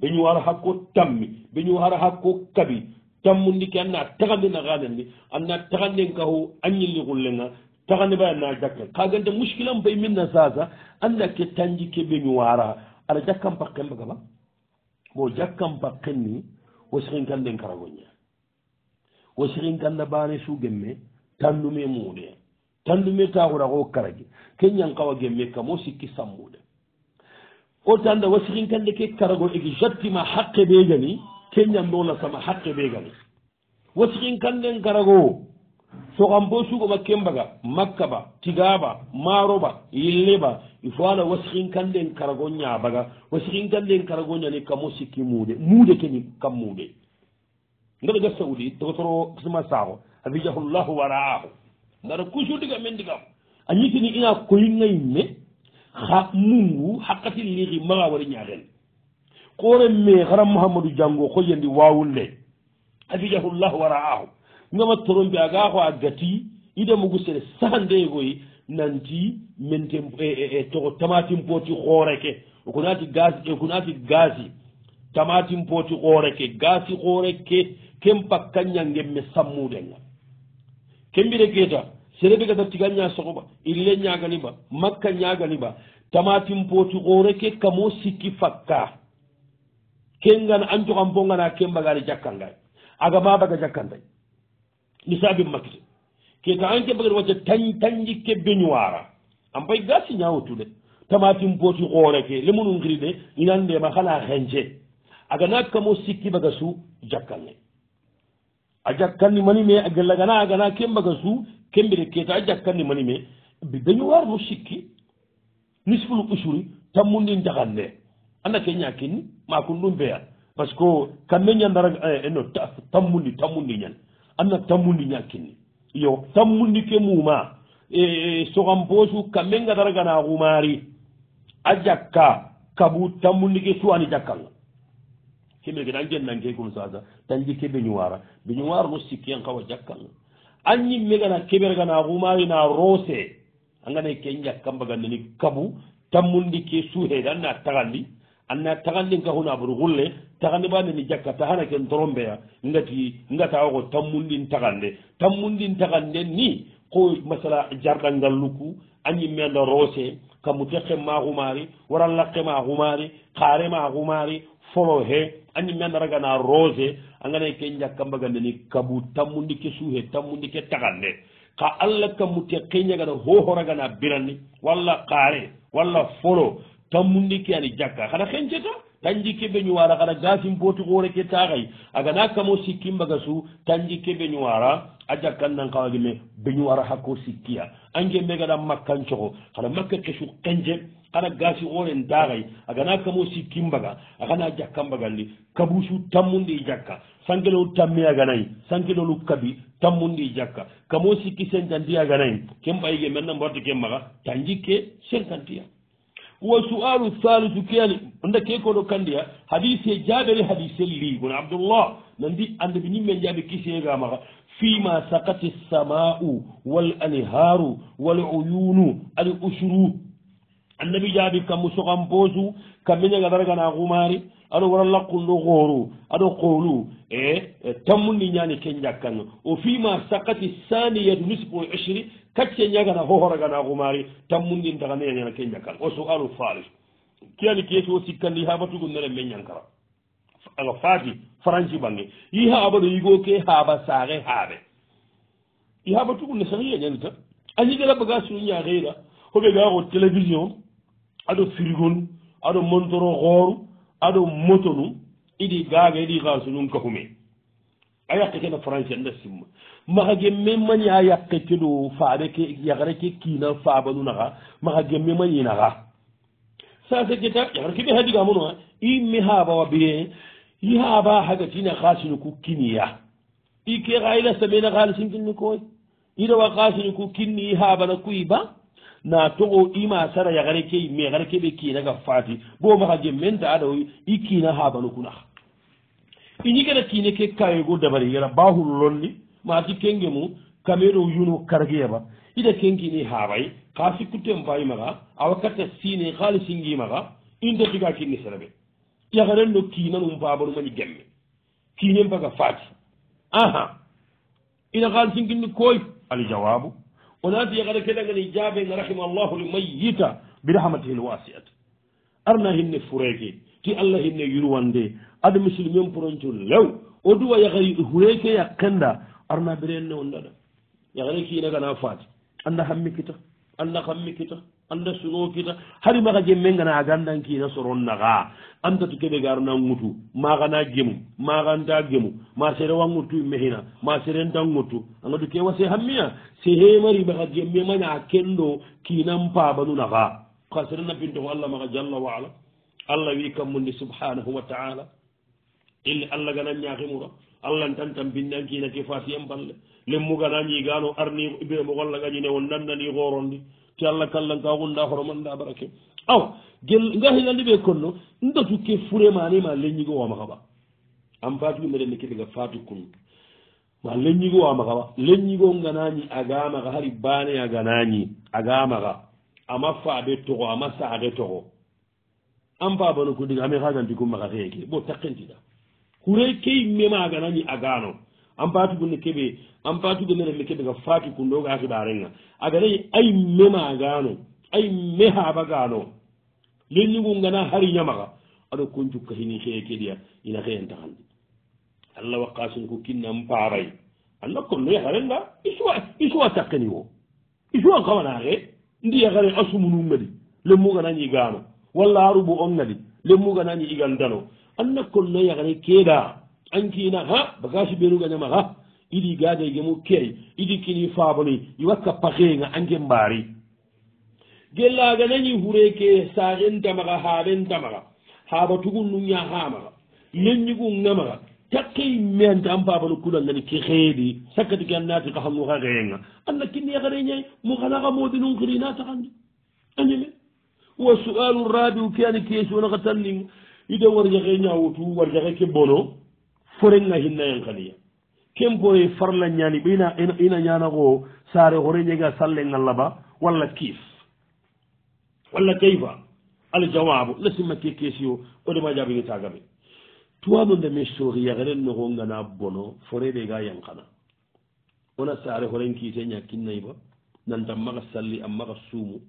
be ñu wara hakko tammi be ñu wara hakko kabi tammundike anna taxande na xaadandi anna taxanden kaxu a ñilli xullenga taxande baya na jakkel kaganta muskilam fay min na sasa anna ke tanji ke be ñu wara ala jakkam pakken baga ba bo jakkam pakken ni wo sixinkanden karagoña wo sixinkanna baane su gemme tandume muude tandume taxuraxo karage ke ñangkawa gemme kamo sikki sammuude o tannda wasikin kande ke karago egi jattima haqqe ɓe gani ke ñamdola sama haqqe ɓe gani wasikin kanden karago sokam bo sugo makke mbaga makka ba tigaba maroba yilleba il faut ala wasikin kanden karago ñabaga wasikin kanden karago ñani kamo sikki muude muude keni kam muude ndaɗa ga saudi togotoro kisma saako abijahullahu waraahu ngaɗa kujour diga men digam a ñitini ina koyi ngay me xa mungu xa qati liixi maxa wari ñaaxel koore me xara mouhamadou diango xoyandi waawul le afijahullah wa ra'ahu ngama torompe a ga xo a gati idamugu sere saxande koy nanti mente e, e, e, toxo tamatim pooti xooreke okunaati gasi okunaati gasi tamatim pooti xooreke gasi xooreke kem pakka ñangem me sammudenga kembire keeta serebi gata tiganña sogoba ille ñaganiba makka ñaganiba tamatim poti ooreke kamo sikki fakka kengan anjogan bongana kembagani jakkangay aga mabaga jakkanday misabin makkite keta an kembagani wacca tañ tañji kebbeñuwara ampay gasi ñawotude tamatim poti ooreke lemunu giri de inandema hala hence aga na kamo sikki baga su jakkanne a jakkanni manime a gellagana agana kembaga su kembire keeta jakkanni mani me be dañu waar no sikki nisfulu usuri tammundi jahan nde anda ke ñakinni ma kon ɗum beya par ce que kamɓe ñandara eh, eh, no tammundi tammundi ñan anna tammundi ñakinni yo tammundi ke muuma e eh, sogan boosu kamɓe ngadaragana xumaari a jakka kabu tammundi ke suwani jakkanga kembire ke tan jennanke kun sasa tan jikke beñuwara beñuwaar no sikki en xawa jakkanga an yimme gana keɓer gana xumawina roose a ngana ke ñakkambaganani kabu tammundi ke suheede anna taxalli anna taxallinka xuna bur xulle taxandi ba neni jakka taxana ken torombeya ngati ngata oxo tammundin taxande tammundin taxande ni ko masala jarɗangal luku a ñimme anda roose kamu te xemma xumari wara laqema xumari xarema xumari folo he anni men ragana rose anganay e ke jakkambagandeni kabu tammudike suhe tammudike taganne ka allah kammute keñagana hohoragana biranni walla kaare walla folo tammudike ani jakka hana henceta tanji keɓeñuwara hana gasim booti hoore ke taxay agana kamo sikkimbaga su tanji keɓeñuwara a jakkan nan kawagime beñuwara hakko sikkiya angue megaɗa makkan coxo hana makka kesu kenje aɗa gaasi oren daaray agana kamo sikkimbaga agana jakkambagandi kabusu tammunɗi jakka sankelolu tamme aganayi sankelolu kabi tammunɗi jakka kamo sikki sentanti aganayi kembayge mainna mbarto ke maga tanjikke sentantiya wa sualu halisu keani onda kekoɗo kandiya hadise jaɓere hadise li gona abdoullah nandi andeɓe ñimmen jaɓe kiseega maga fima sakati lsamau wal anharu wal uyunu al usru annabi jaabi kammu sokan poosu kamminyaga daragana kumari aɗo wara lakkunɗo kooru aɗo koolu e, e tammundi ñani ken jakkan o fima sakati saniyatu nusbu ishiri kacce ñagana hohoragana kumari tammundin taganeyaana ken jakkan o soalu falis kiyani keeti o sikkandi habatugu nere me ñankara ala fati franci bange yi haɓaɗo yigo ke haaba saaxe haaɓe i haɓatugu ne sahiya ñanita a yigala bagasunu ñaxeyra hoɓe ga xo télévision aɗo frigol aɗo montoro hooru aɗo moto num iɗi gaaga iɗi haasu num kakume a yakke kene français anda simma maxa gemme mañi a yakke keɗo faaɓe ke yaxre ke kiina faaba nu naxa maxa gemme mañinaxa sase keta yaxre ke ɓe xa ɗigamo nu a i me haabawa bire i haaba xagatina xaasinu ku kiniya i ke xa i lasta mena xaalisinkinni koy i rawa xaasinu ku kinni i haabana kuy ba na togo ima sara yagare ke me gare ke be kinaga fati bo maxa je menta ada o i kina habanu kunax ini kene kine ke kayego dabari yara baxulu lonni maati kenge mu kamedo yuno karageyaba ida kenkini habay xa sikkuten bayi maxa awa katta sine xalisingi maxa inta tiga kinni serabe yagaren no kina num babanu mani gemme kinen paga fati aha ina xalisinginni koy ali jawabu onaati yagara keɗagani jaabe nga rahima allahu limayita bi rahmati hin wasiat arna hinne fureeke ti allah hinne yurwande ada musilmen poronco lew o duwa yagariɗo hureeke ya kenda arna birenne on ɗaɗa yagara kiinagana faati anda hammi kita anda hammi kita anda suno kita hari maga jemme ngana gandan kina soron naga anda to kebe garna ngutu maga na gemu maga nda gemu ma sere wa ngutu mehina ma sere nda ngutu anga to kewa se hammiya se he mari baga jemme mana kendo kina mpa banu naga ka sere na pinto Allah maga jalla wa ala Allah wi kam mundi subhanahu wa ta'ala illi Allah gana nyaakimura Allah ntantam binnan kina ke fasiyam balle lemmu gana nyigano arni ibe mo golla gani ne won nanani gorondi ke allah kallanka gunda horomanda barake awa gel gahilandi ɓe konno ndatuke furemanima leñigo wamahaɓa an fatuɓe meɗen nekkediga fatu kun ma leñigo wamahaɓa leñigo ganañi agamaha hari bane a ganañi agamaha ama faɓe toxo ama saxe toxo an fa bano kundiga ame xaganti cum maxa xeeke bo taqentiɗa xure keyi mema aganañi agano an patugu ne keɓe an patugu nene ne keɓe ga faati kundoga hibarenga agaray ay memagano ay mehabagano lenñugu ngana hari ñamaga aɗo koncukka hini xee keɗiya ina xeen taxandi allah waqasin ku kinnan paray allah konno yaxarenga isuwa isuwa takkeni wo isuwa kawanaxe ndi yaxare a sumunu ngadi lemmuganañi gano walla arubu on ngadi lemmuganañi igan dano anna konno yaxare keeɗaa ankina ha bagage ɓeerugañama ha iɗi gadeygemu key iɗi kini fabami iwakka pakeenga anke mbaari gellaga nañi hure ke saxentamaxa haɓentamaxa haɓatugu nuñahamaxa leñigu ngamaxa takkey meante an pabanu kulallani ke xeedi sakkatike an naati xaxanu xa xeenga anna kinne xare ñayi mo xanaxa moodi nun xiri na taxandi añeme wa sualu rabiu ke ani question naxa tanninga ide warjaxe ñawutu warjaxe ke bono forenga hinnayankaliya ken poye farla ñani ɓina ina ñanako sare hore ñega salle ngalla ba walla kif walla kayfa aljawabu nasimma ke kesio odema jaɓini tagame tuwaɓo nde mi sori yagren noxo ngana bono forede ga yankana wona sare horen kiite ñakinnayi ba nanta maxa salli a maxa suumu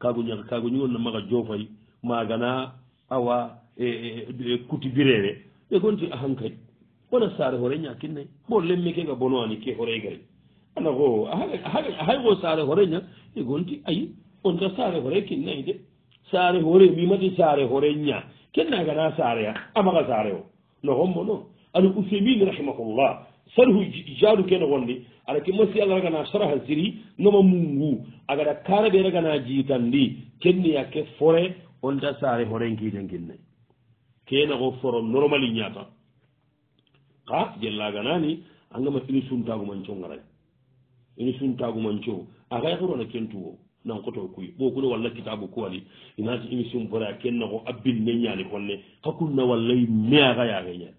kaguñag kaguñigon na maxa jofay magana awa e, e, e, e kuti birere ɓe gonti ahankadi wona saare hoore ñakinnayi bo lemmi kega bonoani ke hoore gari ana ko hayko saare hooreña e gonti ayi onta saare hoore kinnayi de saare hoore wimati saare hoore ña kennagana saare a amaka saare o nohon bo non ana ufemin rahimahullah sarhu jaadu kene wonde aɗa kimma si allah ragana saraha siri noma mungu agaɗa karaɓe ragana jiitandi kenniyakke fore onta saare hoore kiiden kinnayi kena ko forom normali ñata ha jellaga nani angama ini suntagu manco garay ini suntagu manco agay horona kentuwo nankoto kuy ɓokuno walla kitabu kuwali inati émission bora kennako abbinne ñaali konne hakunna wallay me agayaheña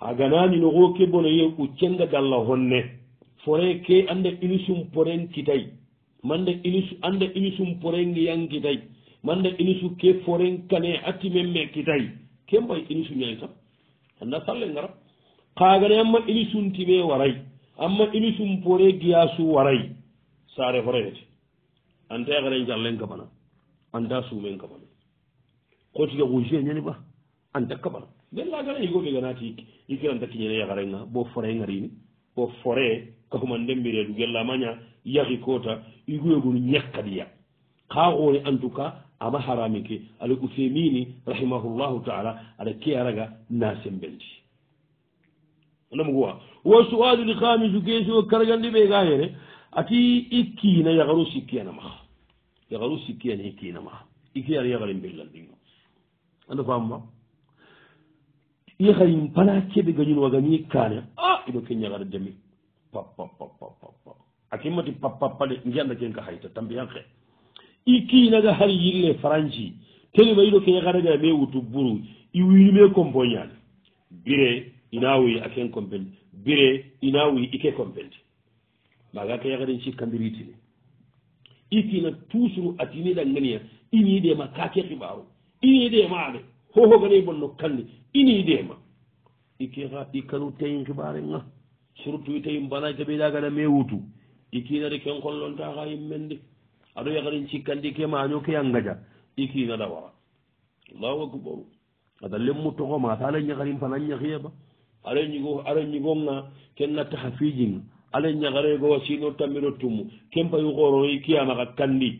a ganani noxo ke bono ye u cenga galla honne fore ke annde inisum poren kitay mande inisu annde inisum porengiyan kitay mande inisu ke foren kane atti men me kitay ke mbay inisu ñayi kam anda salle ngarab kaagane amma ilisum tibe waray amma ilisum pore giyasu waray sare horeete anta yakaren jallen kabana anta sumen kabana kotike kuje ñani ba anta kabana bellagana yigoɓe ganati ikiranta kiñene yakarenga bo fore ngarini bo fore kakumanden mbiredu gellamaña yahi kota iguyegunu ñakkadiya ka xoni en tout cas ama harami ke ala usemini rahimahullahu taala ala ke araga nasembenti namugu wa wa suwadu li xamisu keesio karagandi ɓe ga hene ati i kiina yagaru sikkiyana maxa yagaru sikkiyana i kiina maxa i kiyana yagarin mbillandiyo anda famma yagarin pana keɓe gañun wagani kaane a ino ke ñagara dami papapapapapa akimmati papapa de ngianda ken ka hayta tambiyan xe i kiinaga har yille franci teniba ino ke ñagaragaa ɓe wutu buru i winume compoñaade bire ina wuyi ak hen compende bire ina wuyi ike compende maga ka yakaten cikkambiritini ikina toujours atiniɗa ganiya iniɗema kake xibaru iniɗemaale hohogane bonno kandi iniɗema ikea ikanu tayi xibarenga surtout tayi bana keɓeɗagana me wutu ikinade ken kollontaxa immendi aɗo yakaten cikkandi ke maño ke angaja ikinaɗa wara allahu akbaru adalle mu toxo ma sa ala ñakarin fana ñaxiyeba ara ñigo ara ñigonga ken nattaha fijinga ala ñagarego wa sino tamiro tumu ken payu xoro i kiyamaxa kandi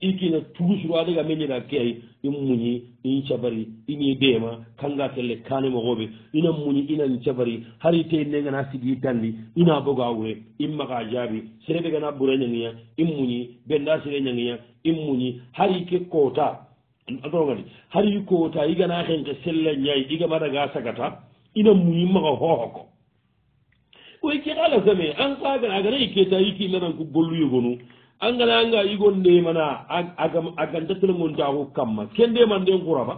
i kina tuusuro adega meñega keay i muñi in cabari i ñi deema kanga kelle kane moxoɓe ina muñi inan cabari har ite negana sigi tandi ina boga wure in maxa jaabi serebe gana bura ñangiya i muñi benda sere ñangiya i muñi har ike koota atorogadi har i koota i gana xenke selle ñay i gama daga sagata ina muñi maxa xooxo ko koy ke xala same an xaaga a gana yike ta yiki nanan ku bolu yogonu a ngana anga yigo ndemana a ganta telengontaaxu kam ma ke ndeman den xurafa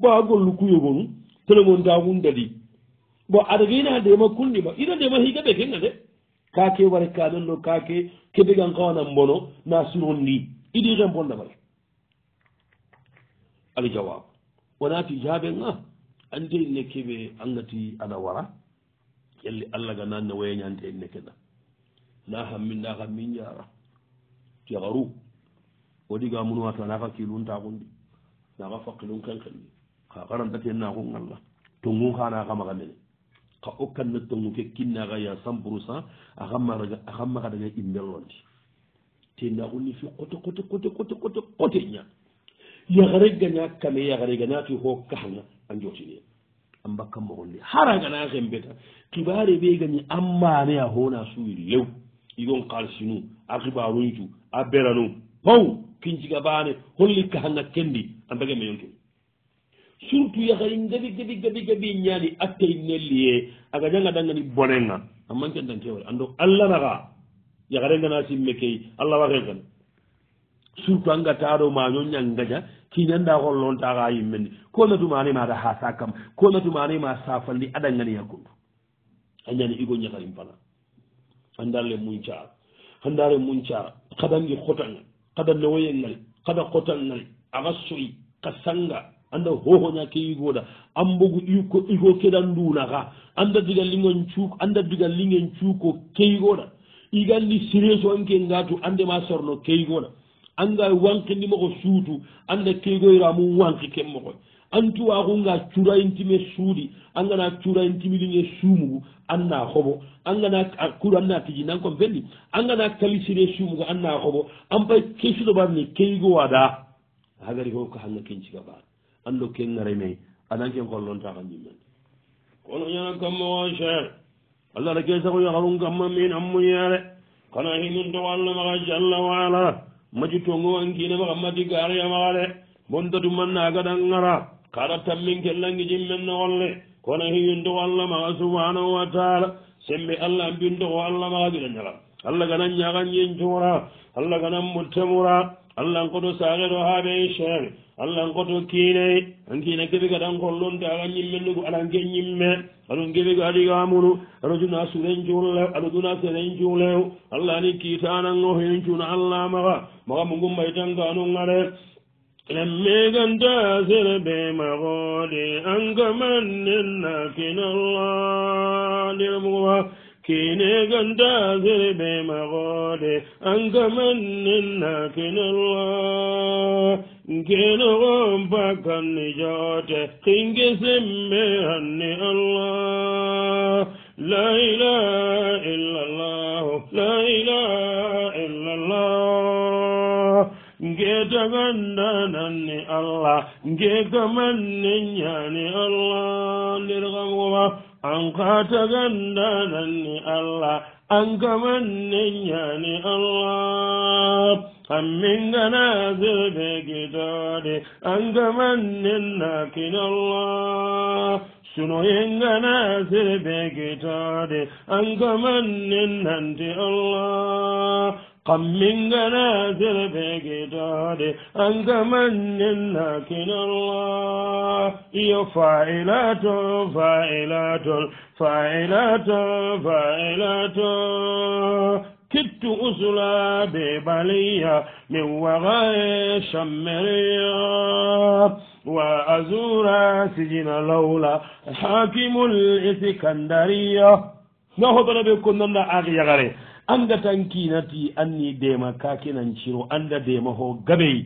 bo a gollu ku yogonu telengontaaxu ndadi bo adaga ina ndema kundima ina ndema xiga ɓeke nga de ka ke ware kanenno ka ke ke ɓegan xawana mbono na sinon ni idi xempo ndafal ali jawab wona tijaɓe nga ande ne keɓe angati aɗa wara yalli allah ga nanne wayañante en nekena na hammin na hammin jara tegaru wadiga mun wata naka kiluntakundi naka fakkilun kenkendi ka karantaten nakun allah tongu hanakamaga mene ka okkanna tongu ke kinnaka ya cent pourcent akammaka daga imbellondi tenakunni fi kote kote kote kote kote kote ña yagaregaña kame yagaregana ti ho kahanga an jotini en an bakkanmo holle haragana hembeta kibare ɓegani ammane a hona suwiri lew igon kalsinu a kibaruncu a beranu paw kinciga bane hollikka hanga kendi an begame yonkeni surtout yahari gabi gabi gabi gabi ñani attey nelli ye aga janga dangani bonenga an mankentankewari ando allah naga yaharengana simme key allah wa hen kan surtout angataɗo ma ñoñangaja kiinanɗa hol lontaaka yimmen ni konatumaani maata haa sa kam konatumaani ma saafalndi aɗanganiya kon añani igo ñakarim pana anndarle muncaar anndare muncaar kadangi xotangal kada nowoyengal kada xotangal aga soyi ka sanga anda hohoña ke yigooda an mbogu iko iko keɗa nduunaxa annda diga lingen cuuk annda diga lingen cuuko keyigooda igandi sirésoan ke ngaatu andema sorno keyigooda annga wankindimoko suutu annda keegoyiramu wanki kemmokoy antuwaakunga curayintime suuɗi angana curayintimiɗine suumugu anna hoɓo anganakur anna tiji nan kon fenni angana kalisire suumugu anna hoɓo an pay kesiɗo ɓarni keygowaɗa hagari hoko hanga kencika ɓaan anndo kengare mei anan ken kon lonta kan jimman kono ñana kammawa cheer allah ta kesa ko yaharun kamma min ammuñeere kono hinum to wallamaka jalla waala maji tongo wankine maka maji gariya makale bontatu manna agada ngara kada tammin kellangi jimmen no walle kono hiyundo allah maka subhanahu wa taala sembe allah mbindo ko allah maka gida nyala allah gana nyaga nyen jura allah gana mutemura allah ngodo sagedo habe shere allah n koto kiinayi antina geɓegada n kollonte aga ñimmenni ko alan ke ñimme aɗo geɓega aɗigamunu aɗo duna suren juulew aɗo duna seren juulew allah ni kiitanango hen cuuna allah maga maga mu gummay tankanon ŋare lemmeganta sere be magode an kamannenna kinallah ndiramugoma kine ganta sere be magode an kamannenna kinallah ngenowon bakanni jote hinge simme hanni allah laila illallahu laila illallah nge tagannananni allah nge gamanni yani allah ndir gamgoma an ka tagannananni allah an gamanne yani allah hammin gana zirbe gidode an gamannen lakin allah sunoyen gana zirbe gidode an gamannen nante allah കമ്മിങ്ങനെ ചിലപേകിട്ടാതെ അങ്കമഞ്ഞെന്നാക്കിനുള്ള ഫൈലാറ്റോ ഫൈലാറ്റോ ഫൈലാറ്റോ ഫൈലാറ്റോ كدت أسلا ببلية من وراء شمرية وأزور سجن لولا حاكم الإسكندرية نهضر بكنا أغيغري annda tan kiinati anni deema kaakinan ciro annda deema ho gabey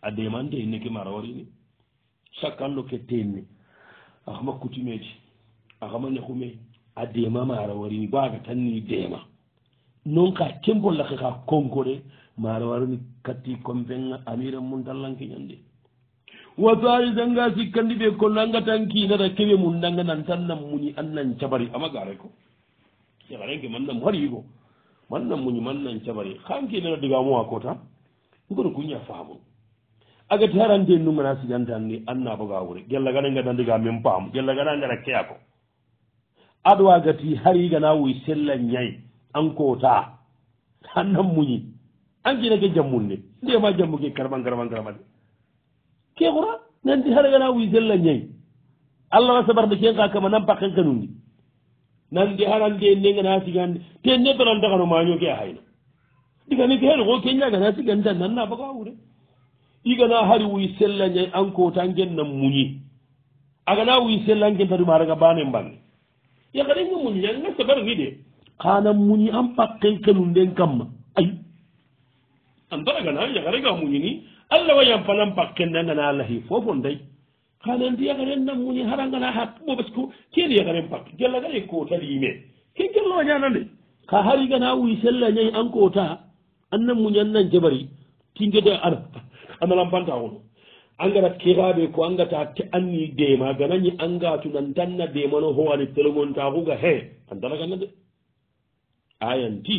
a deemande inneke mara warini chacan lo ke tenne axama coutumeeji axama nexume a deema mara warini baaga tan ni deema non ka kembollake xa konkore mara warini katti compenga amira muntallankiñande wa saalisanga sikkandi ɓe kollo angatan kiinata keɓe mundanga nantan nan muñi an nan cabari ama gareko cebarenke mannan mariigo mannan muñi mannan cabari hanke nana digamuwa ko tan ngoni kuña faamun agati harande numana sigantanni annabogawure gellaganengadandiga min paam gellagana ngara keya ko adowa gati hariigana wuy sella ñay an kota annan muñi ankinake jammun ne ndema jammuke karaban karaban karabade ke xura nanti haragana wuy sella ñay allah wa sabarde ken ka kama nan pakken kanundi nandi arande nega na sigande te nebelandagano mañoke a hayna ɗigani ke hen ko keñagana sigande tan nanna baga wure igana hari wuy sella ñay ankota gennan muñi agana wuy sella gentadumaraga bane mbanne yakadenga muñiaga sabar wide kana muñi an pakke kenum nden kamma ay an baragana yakadega muñini allah wayan panan pakkennagana lahi fofo nday kana ndiyagaren nammuñi haɗa ngana ha ɓo pasque kee ndiyagaren pakke gellagare kootali yime ke gellooñana nde ka harigana wuy sella ñayi an koota annammuñi annan jabari tingede ana ana lampanta wono angarat keraɓe ko angata te anni deema ganañi angatu nan tanna deemano howani telegontaakuga he an dalagana de ayanti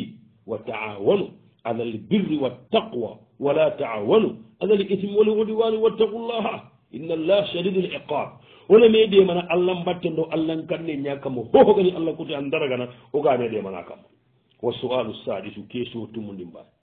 wa taawanu ala albirri wattaqwa wala taawanu ala l ithmi walihudiwani wattaqullaha inna llah chadidu liqab wona meeɗi mana allah mbatte ndo allah kanne ñakamo hoho gani allah kuti an daragana o ga meeɗi mana kam wa sualu sadisu keso tumu ndimbaa